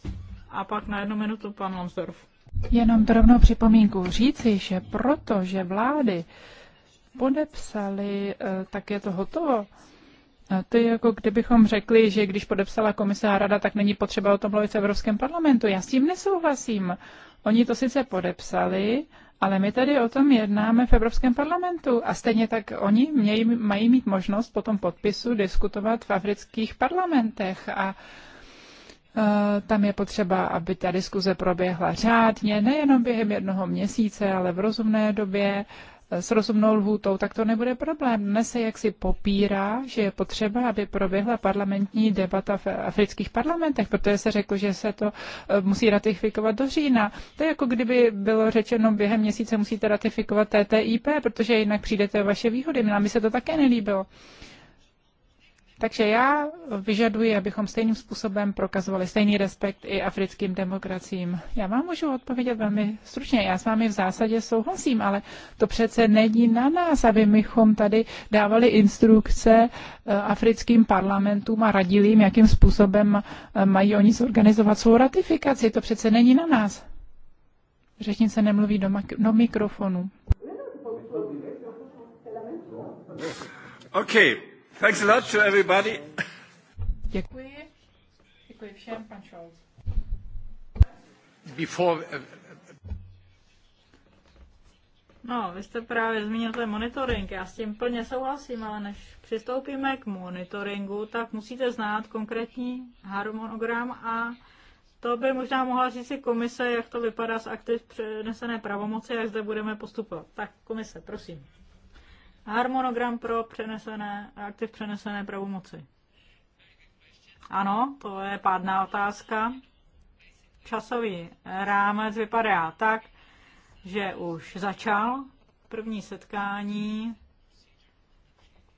a pak na jednu minutu pan Lonsdorf. Jenom drobnou připomínku říci, že protože vlády podepsali, eh, tak je to hotovo. To je jako kdybychom řekli, že když podepsala komise a rada, tak není potřeba o tom mluvit v Evropském parlamentu. Já s tím nesouhlasím. Oni to sice podepsali, ale my tady o tom jednáme v Evropském parlamentu a stejně tak oni měj, mají mít možnost po tom podpisu diskutovat v afrických parlamentech a e, tam je potřeba, aby ta diskuze proběhla řádně, nejenom během jednoho měsíce, ale v rozumné době s rozumnou lhůtou, tak to nebude problém. Dnes se jaksi popírá, že je potřeba, aby proběhla parlamentní debata v afrických parlamentech, protože se řeklo, že se to eh, musí ratifikovat do října. To je jako kdyby bylo řečeno, během měsíce musíte ratifikovat TTIP, protože jinak přijdete o vaše výhody. Nám by se to také nelíbilo. Takže já vyžaduji, abychom stejným způsobem prokazovali stejný respekt i africkým demokraciím. Já vám můžu odpovědět velmi stručně. Já s vámi v zásadě souhlasím, ale to přece není na nás, aby mychom tady dávali instrukce eh, africkým parlamentům a radili jim, jakým způsobem eh, mají oni zorganizovat svou ratifikaci. To přece není na nás. Řečnice nemluví do, do mikrofonu. Okay. Thanks a lot to everybody. Děkuji. Děkuji všem, pan Scholz. Before, uh, No, vy jste právě zmínil ten monitoring, já s tím plně souhlasím, ale než přistoupíme k monitoringu, tak musíte znát konkrétní harmonogram a to by možná mohla říct si komise, jak to vypadá s aktiv přenesené pravomoci, jak zde budeme postupovat. Tak komise, prosím. Harmonogram pro přenesené, aktiv přenesené pravomoci. Ano, to je pádná otázka. Časový rámec vypadá tak, že už začal první setkání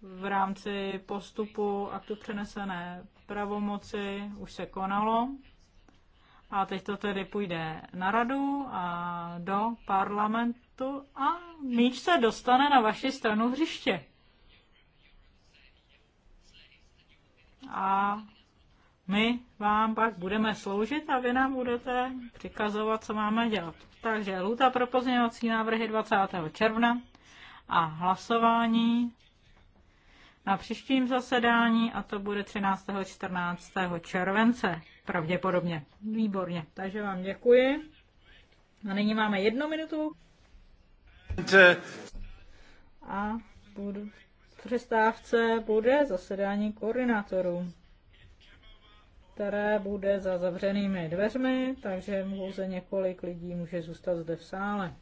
v rámci postupu aktu přenesené pravomoci už se konalo. A teď to tedy půjde na radu a do parlamentu loptu a míč se dostane na vaši stranu hřiště. A my vám pak budeme sloužit a vy nám budete přikazovat, co máme dělat. Takže lůta pro pozměňovací návrhy 20. června a hlasování na příštím zasedání a to bude 13. 14. července. Pravděpodobně. Výborně. Takže vám děkuji. A nyní máme jednu minutu. A budu přestávce bude zasedání koordinátorů, které bude za zavřenými dveřmi, takže pouze několik lidí může zůstat zde v sále.